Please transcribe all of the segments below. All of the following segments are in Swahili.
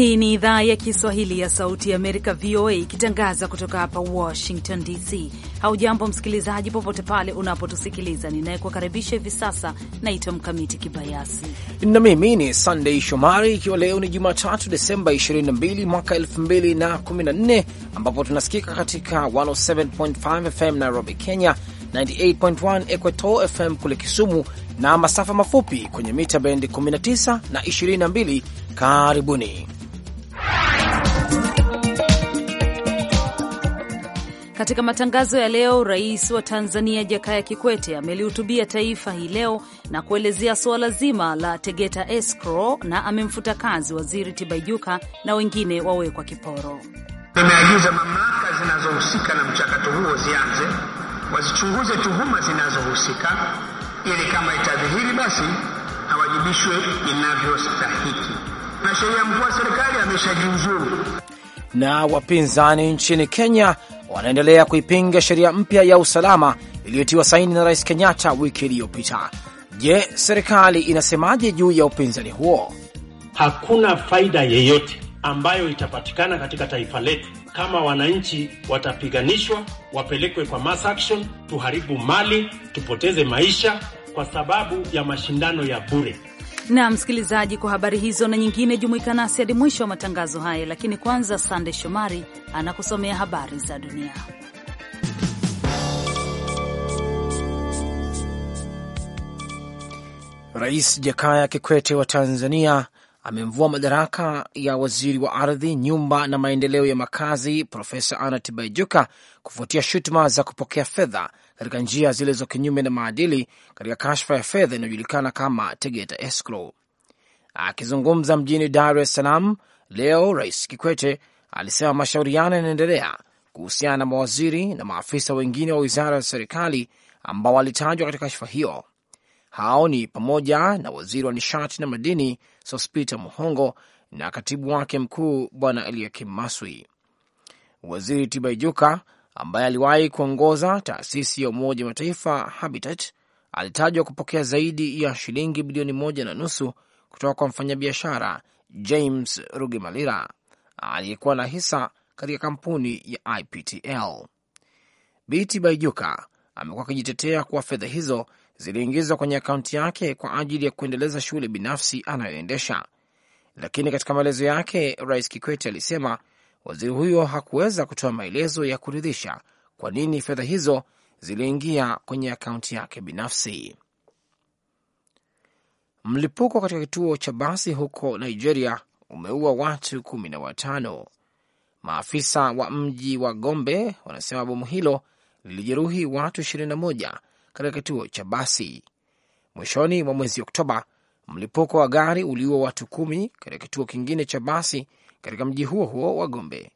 Hii ni idhaa ya Kiswahili ya Sauti ya Amerika, VOA, ikitangaza kutoka hapa Washington DC. Haujambo msikilizaji, popote pale unapotusikiliza. Ninayekukaribisha hivi sasa naitwa Mkamiti Kibayasi na mimi ni Sandei Shomari, ikiwa leo ni Jumatatu Desemba 22 mwaka 2014, ambapo tunasikika katika 107.5 FM Nairobi, Kenya, 98.1 Equator FM kule Kisumu na masafa mafupi kwenye mita bendi 19 na 22. Karibuni. Katika matangazo ya leo, rais wa Tanzania Jakaya Kikwete amelihutubia taifa hii leo na kuelezea suala zima la Tegeta Escrow na amemfuta kazi waziri Tibaijuka na wengine wawekwa kiporo. Nimeagiza mamlaka zinazohusika na mchakato huo zianze wazichunguze tuhuma zinazohusika ili kama itadhihiri basi hawajibishwe inavyostahiki. Na sheria mkuu wa serikali ameshajiuzuru. Na wapinzani nchini Kenya wanaendelea kuipinga sheria mpya ya usalama iliyotiwa saini na Rais Kenyatta wiki iliyopita. Je, serikali inasemaje juu ya upinzani huo? Hakuna faida yeyote ambayo itapatikana katika taifa letu kama wananchi watapiganishwa, wapelekwe kwa mass action, tuharibu mali, tupoteze maisha kwa sababu ya mashindano ya bure na msikilizaji, kwa habari hizo na nyingine, jumuika nasi hadi mwisho wa matangazo haya, lakini kwanza, Sande Shomari anakusomea habari za dunia. Rais Jakaya Kikwete wa Tanzania amemvua madaraka ya waziri wa ardhi, nyumba na maendeleo ya makazi Profesa Anna Tibaijuka kufuatia shutuma za kupokea fedha katika njia zilizo kinyume na maadili katika kashfa ya fedha inayojulikana kama Tegeta Escrow. Akizungumza mjini Dar es Salaam leo, Rais Kikwete alisema mashauriano yanaendelea kuhusiana na mawaziri na maafisa wengine wa wizara za serikali ambao walitajwa katika kashfa hiyo. Hao ni pamoja na waziri wa nishati na madini Sospeter Muhongo na katibu wake mkuu Bwana Eliakim Maswi. Waziri Tibaijuka ambaye aliwahi kuongoza taasisi ya Umoja Mataifa Habitat alitajwa kupokea zaidi ya shilingi bilioni moja na nusu kutoka kwa mfanyabiashara James Rugemalira aliyekuwa na hisa katika kampuni ya IPTL. Biti Baijuka amekuwa akijitetea kuwa fedha hizo ziliingizwa kwenye akaunti yake kwa ajili ya kuendeleza shule binafsi anayoendesha, lakini katika maelezo yake Rais Kikwete alisema Waziri huyo hakuweza kutoa maelezo ya kuridhisha kwa nini fedha hizo ziliingia kwenye akaunti yake binafsi. Mlipuko katika kituo cha basi huko Nigeria umeua watu kumi na watano. Maafisa wa mji wa Gombe wanasema bomu hilo lilijeruhi watu 21 katika kituo cha basi. Mwishoni mwa mwezi Oktoba, mlipuko wa gari uliua watu kumi katika kituo kingine cha basi katika mji huo huo wa Gombe.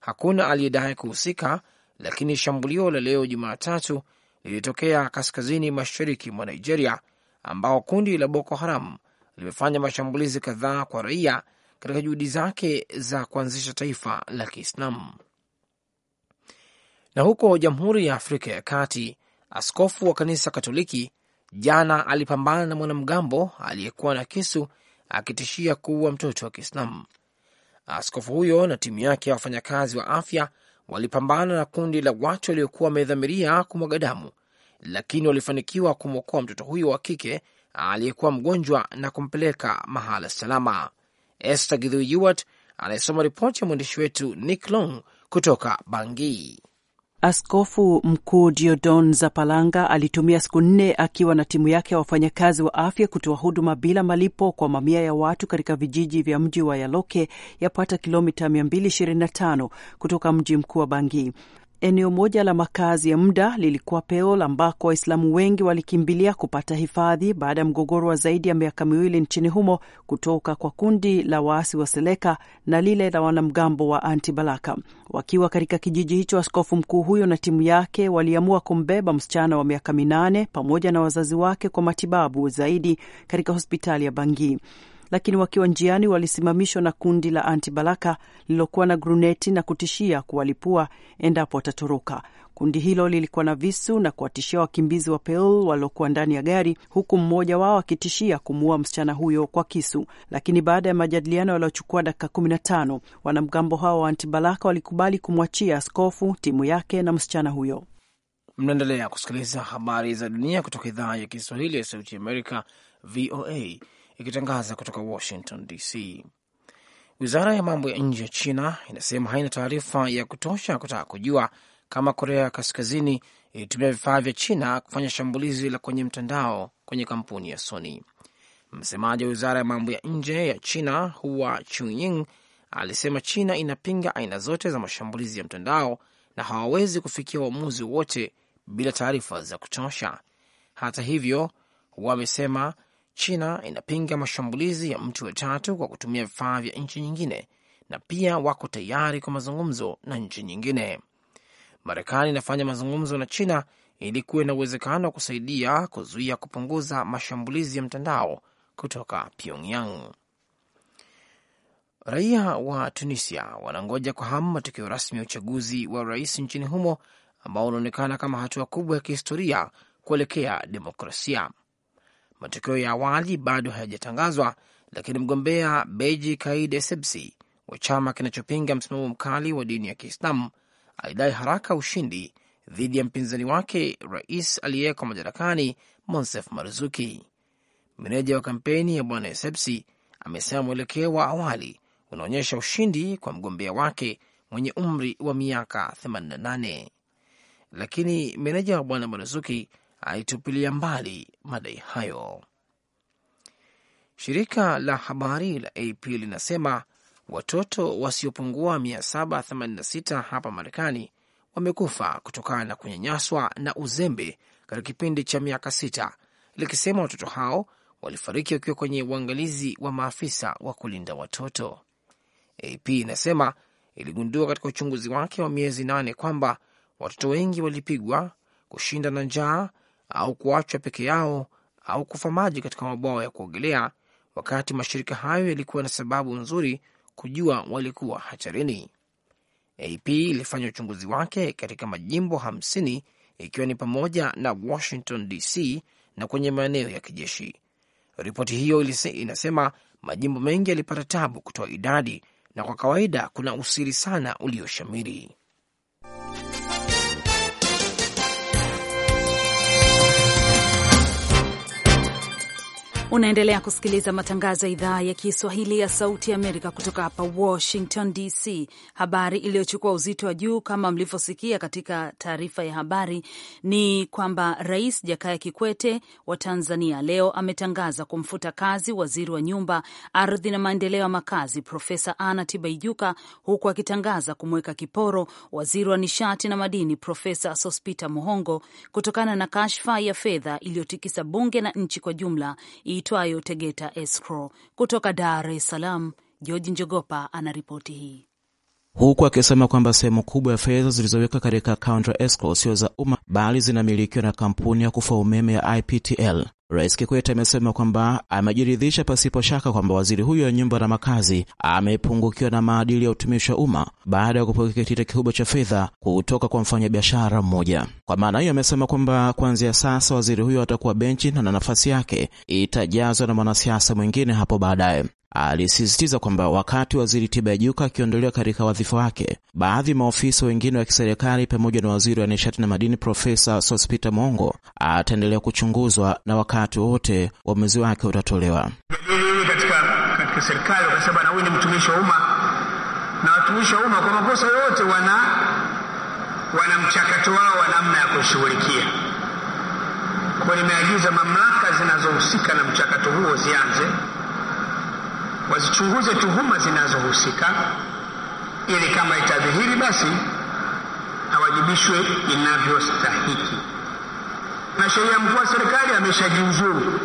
Hakuna aliyedai kuhusika, lakini shambulio la leo Jumatatu lilitokea kaskazini mashariki mwa Nigeria, ambao kundi la Boko Haram limefanya mashambulizi kadhaa kwa raia katika juhudi zake za kuanzisha taifa la Kiislamu. Na huko Jamhuri ya Afrika ya Kati, askofu wa kanisa Katoliki jana alipambana na mwanamgambo aliyekuwa na kisu akitishia kuua mtoto wa Kiislamu. Askofu huyo na timu yake ya wafanyakazi wa afya walipambana na kundi la watu waliokuwa wamedhamiria kumwaga damu, lakini walifanikiwa kumwokoa mtoto huyo wa kike aliyekuwa mgonjwa na kumpeleka mahala salama. Esther Githui Yuwat anayesoma ripoti ya mwandishi wetu Nick Long kutoka Bangui. Askofu Mkuu Diodon Zapalanga alitumia siku nne akiwa na timu yake ya wafanyakazi wa afya kutoa huduma bila malipo kwa mamia ya watu katika vijiji vya mji wa Yaloke yapata kilomita 225 kutoka mji mkuu wa Bangi eneo moja la makazi ya muda lilikuwa Peol ambako Waislamu wengi walikimbilia kupata hifadhi baada ya mgogoro wa zaidi ya miaka miwili nchini humo kutoka kwa kundi la waasi wa Seleka na lile la wanamgambo wa Anti-Balaka. Wakiwa katika kijiji hicho, askofu mkuu huyo na timu yake waliamua kumbeba msichana wa miaka minane pamoja na wazazi wake kwa matibabu zaidi katika hospitali ya bangii lakini wakiwa njiani walisimamishwa na kundi la antibalaka lililokuwa na gruneti na kutishia kuwalipua endapo watatoroka. Kundi hilo lilikuwa na visu na kuwatishia wakimbizi wa Peul waliokuwa ndani ya gari, huku mmoja wao akitishia kumuua msichana huyo kwa kisu. Lakini baada ya majadiliano yaliyochukua dakika kumi na tano wanamgambo hao wa antibalaka walikubali kumwachia askofu, timu yake na msichana huyo. Mnaendelea kusikiliza habari za dunia kutoka idhaa ya Kiswahili ya Sauti Amerika, VOA, ikitangaza kutoka Washington DC. Wizara ya mambo ya nje ya China inasema haina taarifa ya kutosha kutaka kujua kama Korea ya Kaskazini ilitumia vifaa vya China kufanya shambulizi la kwenye mtandao kwenye kampuni ya Sony. Msemaji wa wizara ya mambo ya nje ya China Hua Chunying alisema China inapinga aina zote za mashambulizi ya mtandao na hawawezi kufikia uamuzi wote bila taarifa za kutosha. Hata hivyo, Hua amesema China inapinga mashambulizi ya mtu wa tatu kwa kutumia vifaa vya nchi nyingine na pia wako tayari kwa mazungumzo na nchi nyingine. Marekani inafanya mazungumzo na China ili kuwe na uwezekano wa kusaidia kuzuia kupunguza mashambulizi ya mtandao kutoka Pyongyang. Raia wa Tunisia wanangoja kwa hamu matokeo rasmi ya uchaguzi wa rais nchini humo ambao unaonekana kama hatua kubwa ya kihistoria kuelekea demokrasia. Matokeo ya awali bado hayajatangazwa, lakini mgombea Beji Kaide Sebsi wa chama kinachopinga msimamo mkali wa dini ya Kiislamu alidai haraka ushindi dhidi ya mpinzani wake rais aliyeko madarakani Monsef Maruzuki. Meneja wa kampeni ya bwana Esepsi amesema mwelekeo wa awali unaonyesha ushindi kwa mgombea wake mwenye umri wa miaka 88, lakini meneja wa bwana Maruzuki alitupilia mbali madai hayo. Shirika la habari la AP linasema watoto wasiopungua 786 hapa Marekani wamekufa kutokana na kunyanyaswa na uzembe katika kipindi cha miaka sita, likisema watoto hao walifariki wakiwa kwenye uangalizi wa maafisa wa kulinda watoto. AP inasema iligundua katika uchunguzi wake wa miezi nane kwamba watoto wengi walipigwa, kushinda na njaa au kuachwa peke yao au kufa maji katika mabwawa ya kuogelea, wakati mashirika hayo yalikuwa na sababu nzuri kujua walikuwa hatarini. AP ilifanya uchunguzi wake katika majimbo 50 ikiwa ni pamoja na Washington DC na kwenye maeneo ya kijeshi. Ripoti hiyo inasema majimbo mengi yalipata tabu kutoa idadi na kwa kawaida kuna usiri sana ulioshamiri. Unaendelea kusikiliza matangazo ya idhaa ya Kiswahili ya Sauti ya Amerika kutoka hapa Washington DC. Habari iliyochukua uzito wa juu kama mlivyosikia katika taarifa ya habari ni kwamba Rais Jakaya Kikwete wa Tanzania leo ametangaza kumfuta kazi waziri wa nyumba, ardhi na maendeleo ya makazi Profesa Anna Tibaijuka, huku akitangaza kumweka kiporo waziri wa nishati na madini Profesa Sospita Muhongo kutokana na kashfa ya fedha iliyotikisa bunge na nchi kwa jumla iitwayo Tegeta Escrow. Kutoka Dar es Salaam, George Njogopa anaripoti hii huku akisema kwamba sehemu kubwa ya fedha zilizowekwa katika akaunti ya escrow sio za umma bali zinamilikiwa na kampuni ya kufua umeme ya IPTL. Rais Kikwete amesema kwamba amejiridhisha pasipo shaka kwamba waziri huyo wa nyumba na makazi amepungukiwa na maadili ya utumishi wa umma baada ya kupokea kitita kikubwa cha fedha kutoka kwa mfanyabiashara mmoja. Kwa maana hiyo, amesema kwamba kuanzia sasa waziri huyo atakuwa benchi na na nafasi yake itajazwa na mwanasiasa mwingine hapo baadaye. Ah, alisisitiza kwamba wakati waziri Tibaijuka akiondolewa katika wadhifa wake, baadhi ya maofisa wengine wa kiserikali pamoja na waziri wa nishati na madini Profesa Sospeter Mongo ah, ataendelea kuchunguzwa na wakati wowote uamuzi wake utatolewa. Katika, katika serikali wakasema, na huyu ni mtumishi wa umma, na watumishi wa umma kwa makosa yote wana, wana mchakato wao wa namna ya kushughulikia kwa. Nimeagiza mamlaka zinazohusika na mchakato huo zianze wazichunguze tuhuma zinazohusika, ili kama itadhihiri basi awajibishwe inavyostahiki. Na sheria mkuu wa serikali ameshajiuzuru.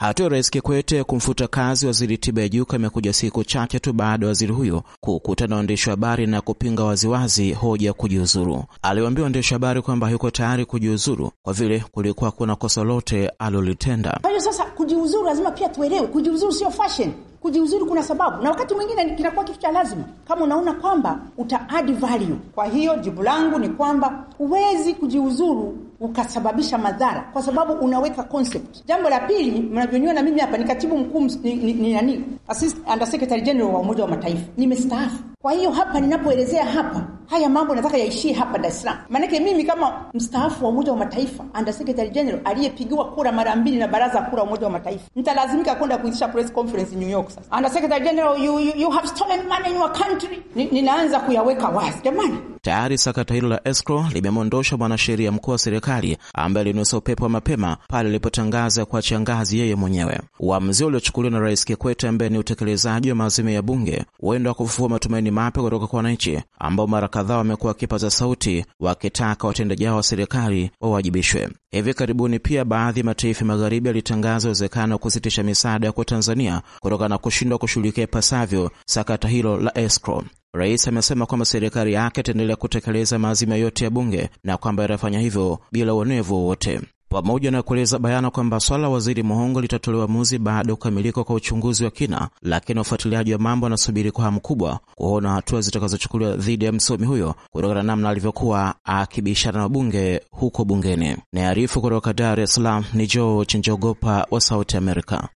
Hatua ya Rais Kikwete kumfuta kazi waziri Tibaijuka imekuja siku chache tu baada ya waziri huyo kukutana na waandishi wa habari na kupinga waziwazi hoja ya kujiuzuru. Aliwaambia waandishi wa habari kwamba yuko tayari kujiuzuru kwa vile kulikuwa kuna kosa lote alilotenda. Kwa hiyo sasa, kujiuzuru lazima pia tuelewe, kujiuzuru sio fashion. Kujiuzuru kuna sababu, na wakati mwingine kinakuwa kitu cha lazima kama unaona kwamba uta add value. Kwa hiyo jibu langu ni kwamba huwezi kujiuzuru ukasababisha madhara, kwa sababu unaweka concept. Jambo la pili, mnavyoniona na mimi hapa ni katibu mkuu ni, ni, ni nani, assist under secretary general wa Umoja wa Mataifa, nimestaafu. Kwa hiyo hapa ninapoelezea hapa haya mambo nataka yaishie hapa Dar es Salaam, maanake mimi kama mstaafu wa Umoja wa Mataifa under secretary general aliyepigiwa kura mara mbili na baraza kura wa Umoja wa Mataifa, nitalazimika kwenda kuitisha press conference New York. Sasa under secretary general, you, you, you have stolen money in your country, ninaanza kuyaweka wazi. Jamani, tayari sakata hilo la escrow limemwondosha mwanasheria mkuu wa serikali serikali ambaye alinusa upepo wa mapema pale alipotangaza kuachia ngazi yeye mwenyewe. Uamuzi uliochukuliwa na Rais Kikwete, ambaye ni utekelezaji wa maazimio ya bunge, huenda wa kufufua matumaini mapya kutoka kwa wananchi ambao mara kadhaa wamekuwa wakipaza sauti wakitaka watendaji hao wa serikali wawajibishwe. Hivi karibuni pia baadhi ya mataifa magharibi yalitangaza uwezekano wa kusitisha misaada kwa Tanzania kutokana na kushindwa kushughulikia ipasavyo sakata hilo la escrow. Rais amesema kwamba serikali yake itaendelea kutekeleza maazima yote ya bunge na kwamba itafanya hivyo bila uonevu wowote, pamoja na kueleza bayana kwamba swala la waziri Muhongo litatolewa muzi baada ya kukamilika kwa uchunguzi wa kina, lakini wafuatiliaji wa mambo anasubiri kwa hamu kubwa kuona hatua zitakazochukuliwa dhidi ya msomi huyo kutokana na namna alivyokuwa akibishana na wabunge huko bungeni. Naarifu kutoka Dar es Salaam ni George Njogopa wa Sauti Amerika.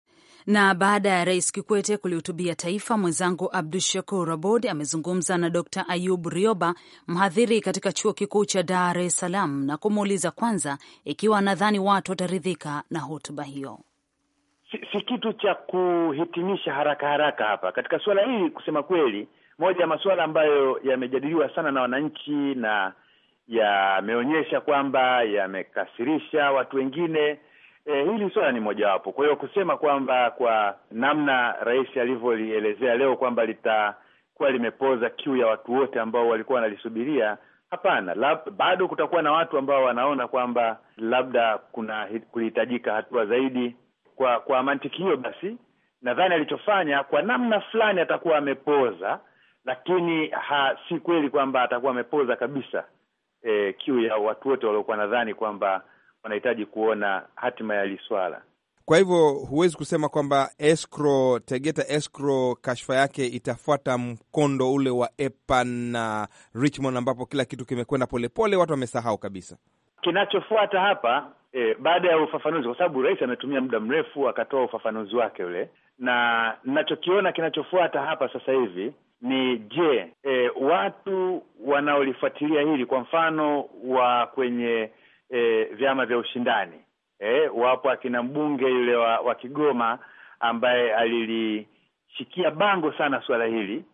Na baada ya Rais Kikwete kulihutubia taifa, mwenzangu Abdu Shakur Abod amezungumza na Dr Ayub Rioba, mhadhiri katika chuo kikuu cha Dar es Salaam, na kumuuliza kwanza ikiwa anadhani watu wataridhika na hotuba hiyo. Si, si kitu cha kuhitimisha haraka haraka hapa katika suala hili. Kusema kweli, moja ya masuala ambayo yamejadiliwa sana na wananchi na yameonyesha kwamba yamekasirisha watu wengine E, hili swala ni mojawapo. Kwa hiyo kusema kwamba kwa namna rais alivyolielezea leo kwamba litakuwa limepoza kiu ya watu wote ambao walikuwa wanalisubiria, hapana. Lab, bado kutakuwa na watu ambao wanaona kwamba labda kuna kulihitajika hatua zaidi. Kwa kwa mantiki hiyo basi, nadhani alichofanya kwa namna fulani atakuwa amepoza, lakini ha, si kweli kwamba atakuwa amepoza kabisa eh, kiu ya watu wote waliokuwa nadhani kwamba wanahitaji kuona hatima ya liswala. Kwa hivyo huwezi kusema kwamba escrow, Tegeta escrow kashfa yake itafuata mkondo ule wa EPA na Richmond ambapo kila kitu kimekwenda polepole, watu wamesahau kabisa kinachofuata hapa eh, baada ya ufafanuzi, kwa sababu rais ametumia muda mrefu akatoa ufafanuzi wake ule, na ninachokiona kinachofuata hapa sasa hivi ni je, eh, watu wanaolifuatilia hili, kwa mfano wa kwenye e, vyama vya ushindani e, wapo akina mbunge yule wa, wa Kigoma ambaye alilishikia bango sana suala hili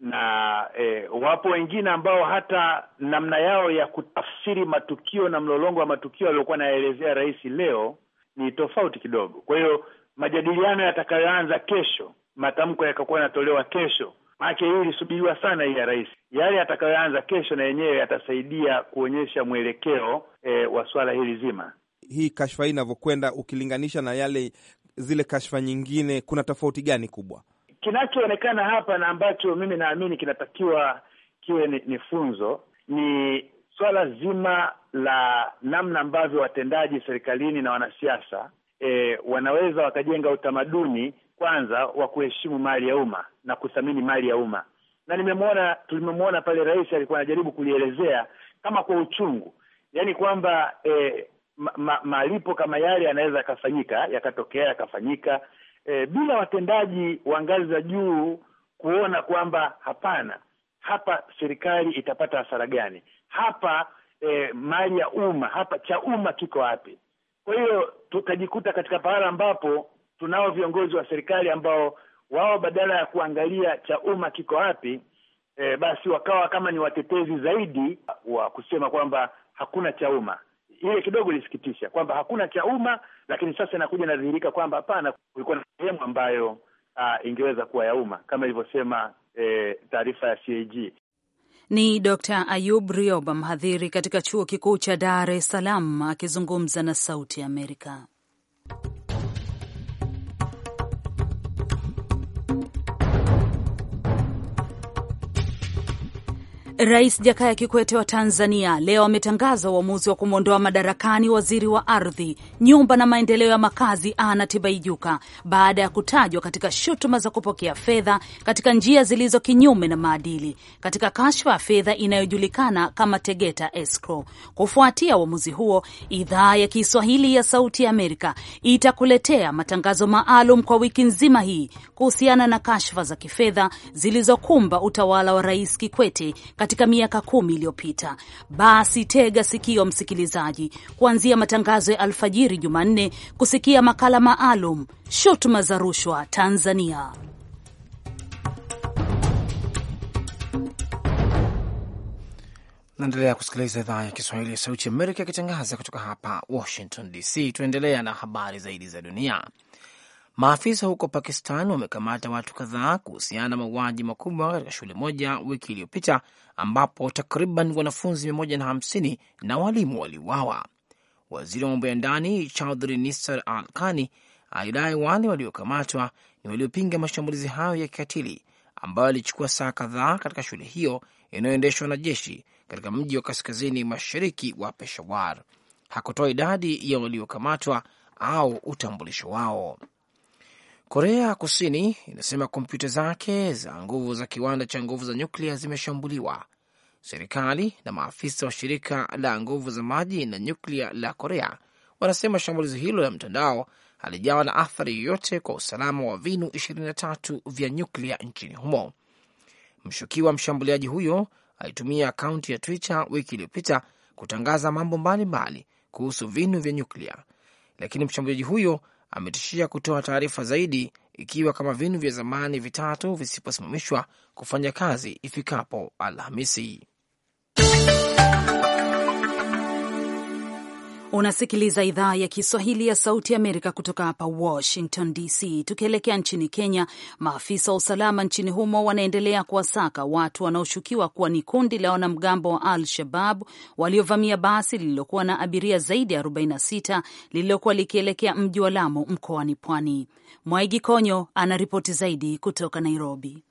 na e, wapo wengine ambao hata namna yao ya kutafsiri matukio na mlolongo wa matukio aliyokuwa anaelezea rais leo ni tofauti kidogo. Kwa hiyo majadiliano yatakayoanza kesho, matamko yakakuwa yanatolewa kesho, maanake hii ilisubiriwa sana hii ya rais. Yale yatakayoanza kesho na yenyewe yatasaidia kuonyesha mwelekeo e, wa swala hili zima. Hii kashfa hii inavyokwenda, ukilinganisha na yale zile kashfa nyingine, kuna tofauti gani kubwa kinachoonekana hapa na ambacho mimi naamini kinatakiwa kiwe ni, ni funzo ni swala zima la namna ambavyo watendaji serikalini na wanasiasa e, wanaweza wakajenga utamaduni kwanza wa kuheshimu mali ya umma na kuthamini mali ya umma, na nimemwona tulimemwona pale rais alikuwa anajaribu kulielezea kama kwa uchungu, yani kwamba eh, ma, malipo kama yale yanaweza yakafanyika yakatokea yakafanyika eh, bila watendaji wa ngazi za juu kuona kwamba hapana, hapa serikali itapata hasara gani hapa, eh, mali ya umma hapa, cha umma kiko wapi? Kwa hiyo tukajikuta katika pahala ambapo tunao viongozi wa serikali ambao wao badala ya kuangalia cha umma kiko wapi, eh, basi wakawa kama ni watetezi zaidi wa kusema kwamba hakuna cha umma. Ile kidogo ilisikitisha kwamba hakuna cha umma, lakini sasa inakuja inadhihirika kwamba hapana, kulikuwa na sehemu ambayo uh, ingeweza kuwa ya umma kama ilivyosema eh, taarifa ya CAG. Ni Dr. Ayub Rioba, mhadhiri katika chuo kikuu cha Dar es Salaam, akizungumza na Sauti ya Amerika. Rais Jakaya Kikwete wa Tanzania leo ametangaza uamuzi wa kumwondoa madarakani waziri wa ardhi, nyumba na maendeleo ya makazi Anna Tibaijuka baada ya kutajwa katika shutuma za kupokea fedha katika njia zilizo kinyume na maadili katika kashfa ya fedha inayojulikana kama Tegeta Escrow. Kufuatia uamuzi huo, idhaa ya Kiswahili ya Sauti ya Amerika itakuletea matangazo maalum kwa wiki nzima hii kuhusiana na kashfa za kifedha zilizokumba utawala wa Rais Kikwete katika katika miaka kumi iliyopita. Basi tega sikio, msikilizaji, kuanzia matangazo ya alfajiri Jumanne kusikia makala maalum shutuma za rushwa Tanzania. Naendelea kusikiliza idhaa ya Kiswahili ya Sauti ya Amerika ikitangaza kutoka hapa Washington DC. Tunaendelea na habari zaidi za dunia. Maafisa huko Pakistan wamekamata watu kadhaa kuhusiana na mauaji makubwa katika shule moja wiki iliyopita ambapo takriban wanafunzi 150 na, na walimu waliuawa. Waziri wa mambo ya ndani Chaudhry Nisar Al Kani alidai wale waliokamatwa ni waliopinga mashambulizi hayo ya kikatili ambayo yalichukua saa kadhaa katika shule hiyo inayoendeshwa na jeshi katika mji wa kaskazini mashariki wa Peshawar. Hakutoa idadi ya waliokamatwa au utambulisho wao. Korea Kusini inasema kompyuta zake za nguvu za kiwanda cha nguvu za nyuklia zimeshambuliwa. Serikali na maafisa wa shirika la nguvu za maji na nyuklia la Korea wanasema shambulizi hilo la mtandao halijawa na athari yoyote kwa usalama wa vinu 23 vya nyuklia nchini humo. Mshukiwa mshambuliaji huyo alitumia akaunti ya Twitter wiki iliyopita kutangaza mambo mbalimbali kuhusu vinu vya nyuklia, lakini mshambuliaji huyo ametishia kutoa taarifa zaidi ikiwa kama vinu vya zamani vitatu visiposimamishwa kufanya kazi ifikapo Alhamisi. Unasikiliza idhaa ya Kiswahili ya Sauti ya Amerika kutoka hapa Washington DC. Tukielekea nchini Kenya, maafisa wa usalama nchini humo wanaendelea kuwasaka watu wanaoshukiwa kuwa ni kundi la wanamgambo wa Al Shabab waliovamia basi lililokuwa na abiria zaidi ya 46 lililokuwa likielekea mji wa Lamu mkoani Pwani. Mwaigi Konyo ana ripoti zaidi kutoka Nairobi.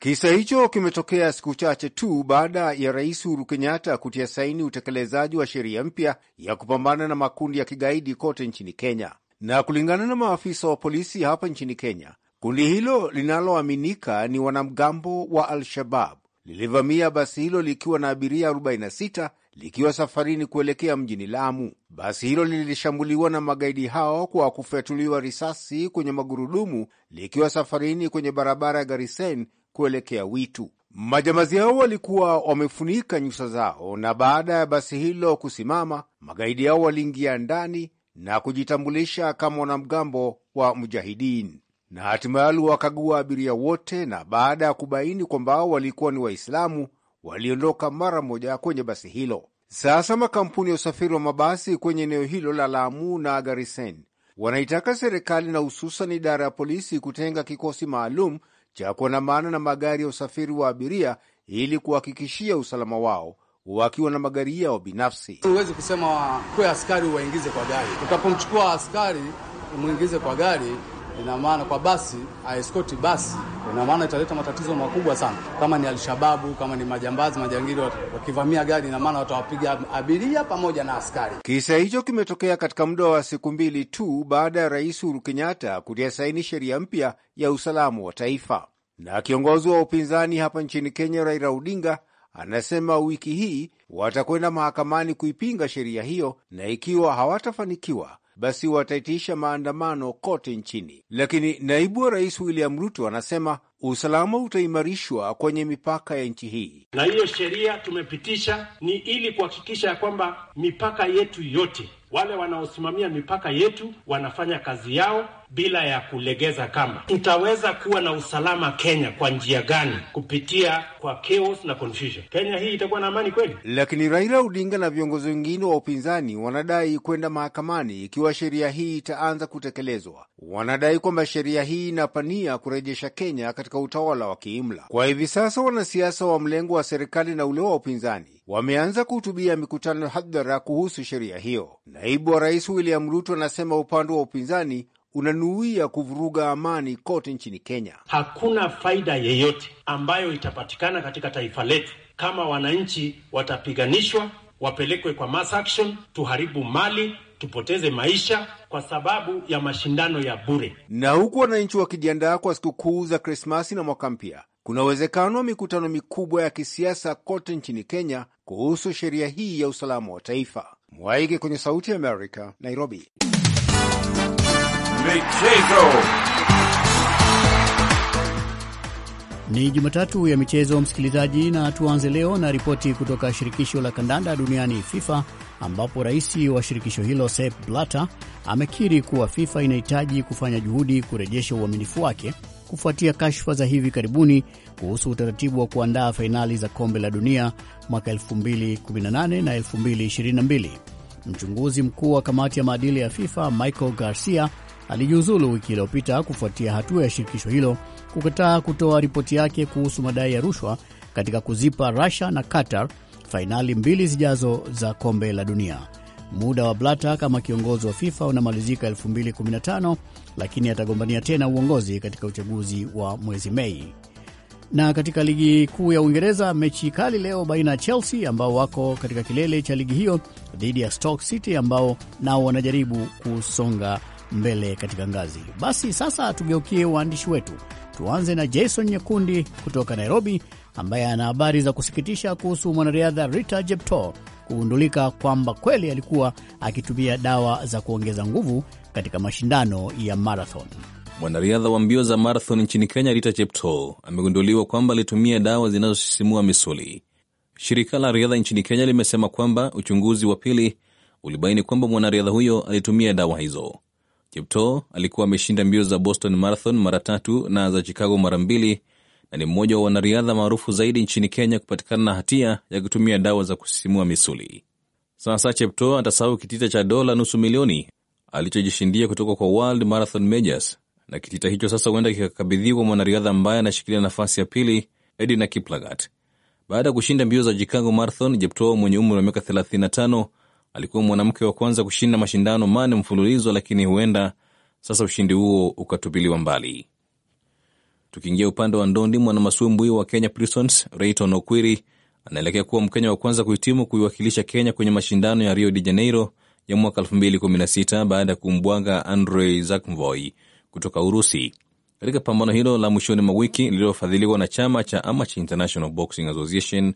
Kisa hicho kimetokea siku chache tu baada ya Rais Uhuru Kenyatta kutia saini utekelezaji wa sheria mpya ya kupambana na makundi ya kigaidi kote nchini Kenya. Na kulingana na maafisa wa polisi hapa nchini Kenya, kundi hilo linaloaminika ni wanamgambo wa Al-Shabab lilivamia basi hilo likiwa na abiria 46 likiwa safarini kuelekea mjini Lamu. Basi hilo lilishambuliwa na magaidi hao kwa kufyatuliwa risasi kwenye magurudumu likiwa safarini kwenye barabara ya Garisen kuelekea Witu. Majambazi hao walikuwa wamefunika nyuso zao, na baada ya basi hilo kusimama, magaidi hao waliingia ndani na kujitambulisha kama wanamgambo wa Mujahidin na hatimaye wakagua abiria wote, na baada ya kubaini kwamba walikuwa ni Waislamu waliondoka mara moja kwenye basi hilo. Sasa makampuni ya usafiri wa mabasi kwenye eneo hilo la Lamu na Garisen wanaitaka serikali na hususan idara ya polisi kutenga kikosi maalum cha kuandamana na magari ya usafiri wa abiria ili kuhakikishia usalama wao wakiwa na magari yao binafsi. Huwezi kusema kwe askari uwaingize kwa gari, utapomchukua askari umwingize kwa gari ina maana kwa basi aeskoti basi, ina maana italeta matatizo makubwa sana. Kama ni Alshababu, kama ni majambazi, majangili wakivamia gari, ina maana watawapiga abiria pamoja na askari. Kisa hicho kimetokea katika muda wa siku mbili tu baada ya Rais Uhuru Kenyatta kutia saini sheria mpya ya usalama wa taifa. Na kiongozi wa upinzani hapa nchini Kenya, Raila Odinga, anasema wiki hii watakwenda mahakamani kuipinga sheria hiyo, na ikiwa hawatafanikiwa basi wataitisha maandamano kote nchini. Lakini naibu wa rais William Ruto anasema usalama utaimarishwa kwenye mipaka ya nchi hii, na hiyo sheria tumepitisha ni ili kuhakikisha ya kwamba mipaka yetu yote, wale wanaosimamia mipaka yetu wanafanya kazi yao bila ya kulegeza kamba. Tutaweza kuwa na usalama Kenya kwa njia gani? Kupitia kwa chaos na confusion. Kenya hii itakuwa na amani kweli? Lakini Raila Odinga na viongozi wengine wa upinzani wanadai kwenda mahakamani ikiwa sheria hii itaanza kutekelezwa. Wanadai kwamba sheria hii inapania kurejesha Kenya katika utawala wa kiimla. Kwa hivi sasa wanasiasa wa mlengo wa serikali na ule wa upinzani wameanza kuhutubia mikutano hadhara kuhusu sheria hiyo. Naibu wa Rais William Ruto anasema upande wa upinzani unanuia kuvuruga amani kote nchini Kenya. Hakuna faida yeyote ambayo itapatikana katika taifa letu kama wananchi watapiganishwa, wapelekwe kwa mass action, tuharibu mali tupoteze maisha kwa sababu ya mashindano ya bure. Na huku wananchi wakijiandaa kwa sikukuu za Krismasi na mwaka mpya, kuna uwezekano wa mikutano mikubwa ya kisiasa kote nchini Kenya kuhusu sheria hii ya usalama wa taifa. Mwaige kwenye Sauti ya Amerika, Nairobi michezo. Ni Jumatatu ya michezo, msikilizaji, na tuanze leo na ripoti kutoka shirikisho la kandanda duniani FIFA, ambapo rais wa shirikisho hilo Sepp Blatter amekiri kuwa FIFA inahitaji kufanya juhudi kurejesha uaminifu wake kufuatia kashfa za hivi karibuni kuhusu utaratibu wa kuandaa fainali za kombe la dunia mwaka 2018 na 2022. Mchunguzi mkuu wa kamati ya maadili ya FIFA Michael Garcia alijiuzulu wiki iliyopita kufuatia hatua ya shirikisho hilo kukataa kutoa ripoti yake kuhusu madai ya rushwa katika kuzipa Russia na Qatar fainali mbili zijazo za kombe la dunia. Muda wa Blata kama kiongozi wa FIFA unamalizika 2015 lakini atagombania tena uongozi katika uchaguzi wa mwezi Mei. Na katika ligi kuu ya Uingereza, mechi kali leo baina ya Chelsea ambao wako katika kilele cha ligi hiyo dhidi ya Stoke City ambao nao wanajaribu kusonga mbele katika ngazi. Basi sasa tugeukie waandishi wetu, tuanze na Jason Nyekundi kutoka Nairobi, ambaye ana habari za kusikitisha kuhusu mwanariadha Rita jepto kugundulika kwamba kweli alikuwa akitumia dawa za kuongeza nguvu katika mashindano ya marathon. Mwanariadha wa mbio za marathon nchini Kenya, Rita Jeptoo amegunduliwa kwamba alitumia dawa zinazosisimua misuli. Shirika la riadha nchini Kenya limesema kwamba uchunguzi wa pili ulibaini kwamba mwanariadha huyo alitumia dawa hizo. Cheptoo alikuwa ameshinda mbio za Boston Marathon mara tatu na za Chicago mara mbili na ni mmoja wa wanariadha maarufu zaidi nchini Kenya kupatikana na hatia ya kutumia dawa za kusisimua misuli. Sasa Chepto atasahau kitita cha dola nusu milioni alichojishindia kutoka kwa World Marathon Majors, na kitita hicho sasa huenda kikakabidhiwa mwanariadha ambaye anashikilia nafasi ya pili, Edina Kiplagat. Baada ya kushinda mbio za Chicago Marathon, Jepto mwenye umri wa miaka 35 Alikuwa mwanamke wa kwanza kushinda mashindano mane mfululizo, lakini huenda sasa ushindi huo ukatupiliwa mbali. Tukiingia upande wa ndondi, mwanamasumbwi wa Kenya Prisons Rayton Okwiri anaelekea kuwa Mkenya wa kwanza kuhitimu kuiwakilisha Kenya kwenye mashindano ya Rio de Janeiro ya mwaka 2016 baada ya kumbwaga Andrei Zakmvoy kutoka Urusi katika pambano hilo la mwishoni mwa wiki lililofadhiliwa na chama cha Amateur International Boxing Association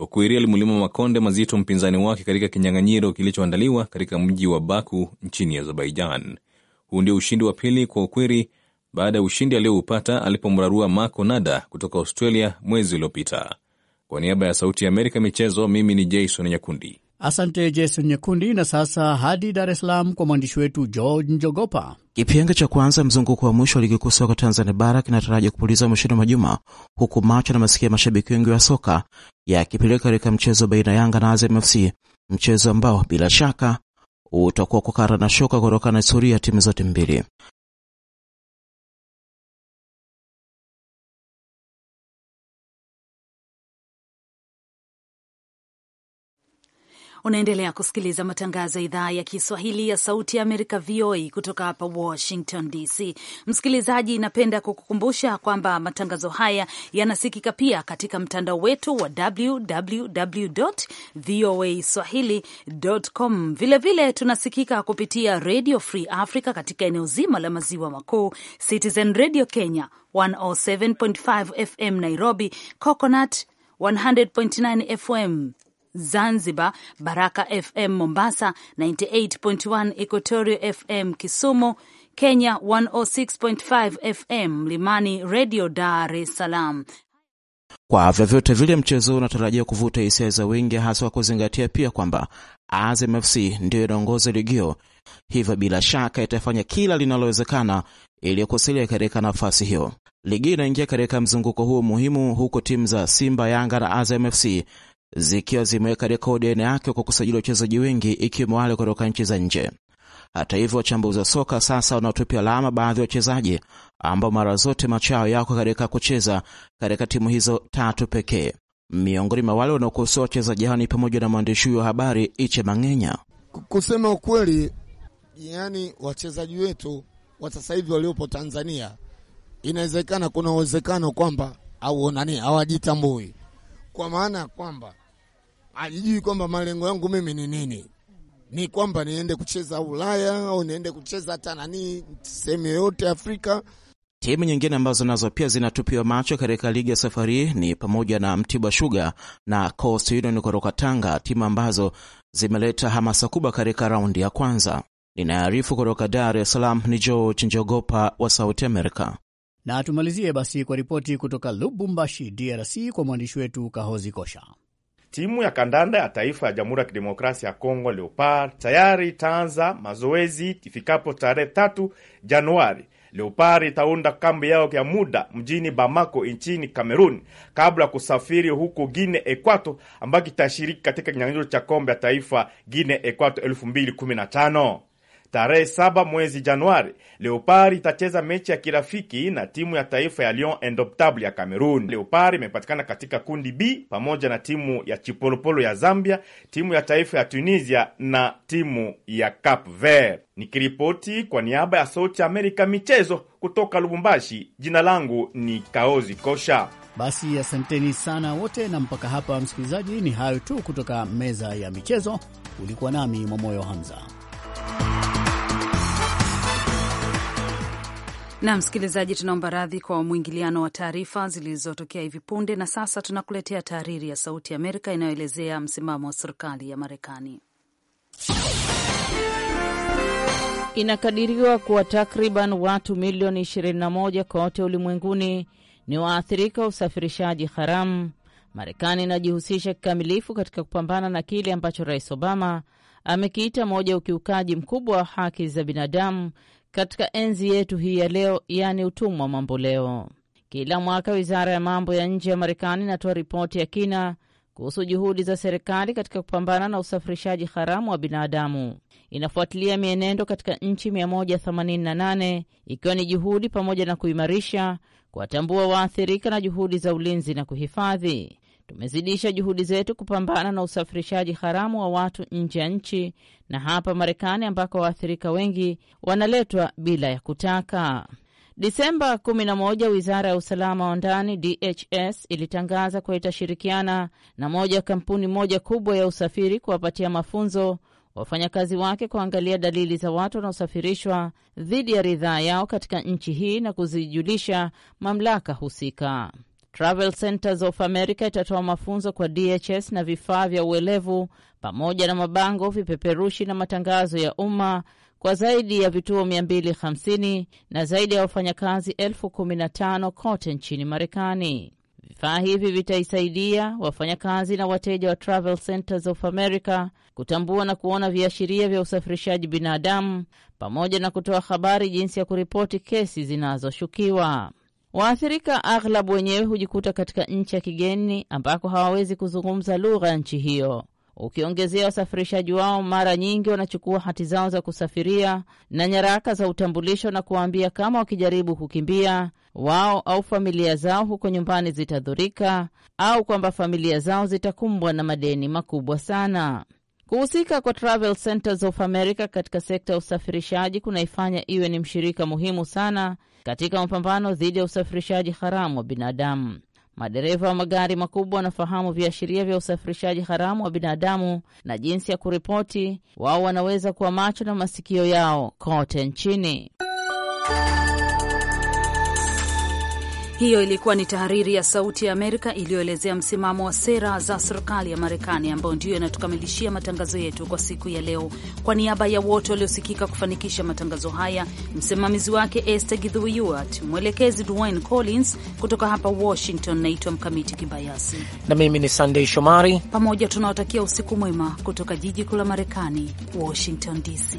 Okwiri alimulima makonde mazito mpinzani wake katika kinyang'anyiro kilichoandaliwa katika mji wa Baku nchini Azerbaijan. Huu ndio ushindi wa pili kwa Okwiri baada ya ushindi aliyoupata alipomrarua Marco Nada kutoka Australia mwezi uliopita. Kwa niaba ya Sauti ya Amerika michezo, mimi ni Jason Nyakundi. Asante Jason Nyekundi. Na sasa hadi Dar es Salaam kwa mwandishi wetu George Njogopa. Kipenga cha kwanza mzunguko wa mwisho wa ligi kuu soka Tanzania bara kinataraji kupulizwa mwishoni mwa juma, huku macho na masikio ya mashabiki wengi wa soka yakipeleka katika mchezo baina ya Yanga na Azam FC, mchezo ambao bila shaka utakuwa kukara na shoka kutokana na historia ya timu zote mbili. Unaendelea kusikiliza matangazo ya idhaa ya Kiswahili ya Sauti ya Amerika, VOA, kutoka hapa Washington DC. Msikilizaji, napenda kukukumbusha kwamba matangazo haya yanasikika pia katika mtandao wetu wa www voa swahili.com. Vilevile tunasikika kupitia Radio Free Africa katika eneo zima la maziwa makuu, Citizen Radio Kenya 107.5 FM Nairobi, Coconut 100.9 FM Zanzibar, Baraka FM Mombasa 98.1, Equatorio FM Kisumu Kenya 106.5 FM, Mlimani Radio Dar es Salaam. Kwa vyovyote vile, mchezo unatarajia kuvuta hisia za wingi, haswa kuzingatia pia kwamba Azam FC ndiyo inaongoza ligio, hivyo bila shaka itafanya kila linalowezekana ili kusalia katika nafasi hiyo. Ligi inaingia katika mzunguko huo muhimu, huko timu za Simba, Yanga na Azam FC zikiwa zimeweka rekodi aina yake kwa kusajili wachezaji wengi ikiwemo wale kutoka nchi za nje. Hata hivyo, wachambuzi wa soka sasa wanaotupia lawama baadhi ya wachezaji ambao mara zote macho yao yako katika kucheza katika timu hizo tatu pekee. Miongoni mwa wale wanaokosoa wachezaji hao ni pamoja na mwandishi huyo wa habari Iche Mang'enya. Kusema ukweli, yani wachezaji wetu wa sasa hivi waliopo Tanzania, inawezekana kuna uwezekano kwamba au nani hawajitambui kwa maana ya kwamba ajijui ah, kwamba malengo yangu mimi ni nini, ni kwamba niende kucheza Ulaya au niende kucheza hata nani sehemu yoyote Afrika. Timu nyingine ambazo nazo pia zinatupiwa macho katika ligi ya safari ni pamoja na Mtibwa Sugar na Coast Union kutoka Tanga, timu ambazo zimeleta hamasa kubwa katika raundi ya kwanza. Ninaarifu kutoka Dar es Salaam ni George Njogopa wa Sauti america na tumalizie basi kwa ripoti kutoka Lubumbashi, DRC, kwa mwandishi wetu Kahozi Kosha. Timu ya kandanda ya taifa ya Jamhuri ya Kidemokrasia ya Kongo Leopard tayari itaanza mazoezi ifikapo tarehe tatu Januari. Leopard itaunda kambi yao ya muda mjini Bamako nchini cameroon kabla ya kusafiri huko Guine Equato ambako itashiriki katika kinyang'anyiro cha kombe ya taifa Guine equato 215 Tarehe saba mwezi Januari, Leopard itacheza mechi ya kirafiki na timu ya taifa ya Lion Indomptable ya Cameroon. Leopard imepatikana katika kundi B pamoja na timu ya Chipolopolo ya Zambia, timu ya taifa ya Tunisia na timu ya Cap Vert. Nikiripoti kwa niaba ya Sauti Amerika michezo kutoka Lubumbashi, jina langu ni Kaozi Kosha. Basi asanteni sana wote, na mpaka hapa msikilizaji, ni hayo tu kutoka meza ya michezo. Ulikuwa nami Mwamoyo Hamza. Na msikilizaji, tunaomba radhi kwa mwingiliano wa taarifa zilizotokea hivi punde, na sasa tunakuletea tahariri ya Sauti Amerika inayoelezea msimamo wa serikali ya Marekani. Inakadiriwa kuwa takriban watu milioni 21 kote ulimwenguni ni waathirika wa usafirishaji haramu. Marekani inajihusisha kikamilifu katika kupambana na kile ambacho Rais Obama amekiita moja ya ukiukaji mkubwa wa haki za binadamu katika enzi yetu hii ya leo, yaani utumwa mamboleo. Kila mwaka wizara ya mambo ya nje ya Marekani inatoa ripoti ya kina kuhusu juhudi za serikali katika kupambana na usafirishaji haramu wa binadamu. Inafuatilia mienendo katika nchi 188 ikiwa ni juhudi pamoja na kuimarisha, kuwatambua waathirika na juhudi za ulinzi na kuhifadhi. Tumezidisha juhudi zetu kupambana na usafirishaji haramu wa watu nje ya nchi na hapa Marekani ambako waathirika wengi wanaletwa bila ya kutaka. Disemba 11 wizara ya usalama wa ndani DHS ilitangaza kuwa itashirikiana na moja kampuni moja kubwa ya usafiri kuwapatia mafunzo wafanyakazi wake kuangalia dalili za watu wanaosafirishwa dhidi ya ridhaa yao katika nchi hii na kuzijulisha mamlaka husika. Travel Centers of America itatoa mafunzo kwa DHS na vifaa vya uelevu pamoja na mabango, vipeperushi na matangazo ya umma kwa zaidi ya vituo 250 na zaidi ya wafanyakazi elfu 15 kote nchini Marekani. Vifaa hivi vitaisaidia wafanyakazi na wateja wa Travel Centers of America kutambua na kuona viashiria vya usafirishaji binadamu pamoja na kutoa habari jinsi ya kuripoti kesi zinazoshukiwa. Waathirika aghlabu wenyewe hujikuta katika nchi ya kigeni ambako hawawezi kuzungumza lugha ya nchi hiyo. Ukiongezea wasafirishaji wao mara nyingi wanachukua hati zao za kusafiria na nyaraka za utambulisho na kuwaambia kama wakijaribu kukimbia wao au familia zao huko nyumbani zitadhurika au kwamba familia zao zitakumbwa na madeni makubwa sana. Kuhusika kwa Travel Centers of America katika sekta ya usafirishaji kunaifanya iwe ni mshirika muhimu sana katika mapambano dhidi ya usafirishaji haramu wa binadamu. Madereva wa magari makubwa wanafahamu viashiria vya usafirishaji haramu wa binadamu na jinsi ya kuripoti. Wao wanaweza kuwa macho na masikio yao kote nchini. Hiyo ilikuwa ni tahariri ya Sauti ya Amerika iliyoelezea msimamo wa sera za serikali ya Marekani, ambayo ndiyo inatukamilishia matangazo yetu kwa siku ya leo. Kwa niaba ya wote waliosikika kufanikisha matangazo haya, msimamizi wake Esther Githuiwat, mwelekezi Dwayne Collins, kutoka hapa Washington naitwa Mkamiti Kibayasi na mimi ni Sandey Shomari. Pamoja tunawatakia usiku mwema kutoka jiji kuu la Marekani, Washington DC.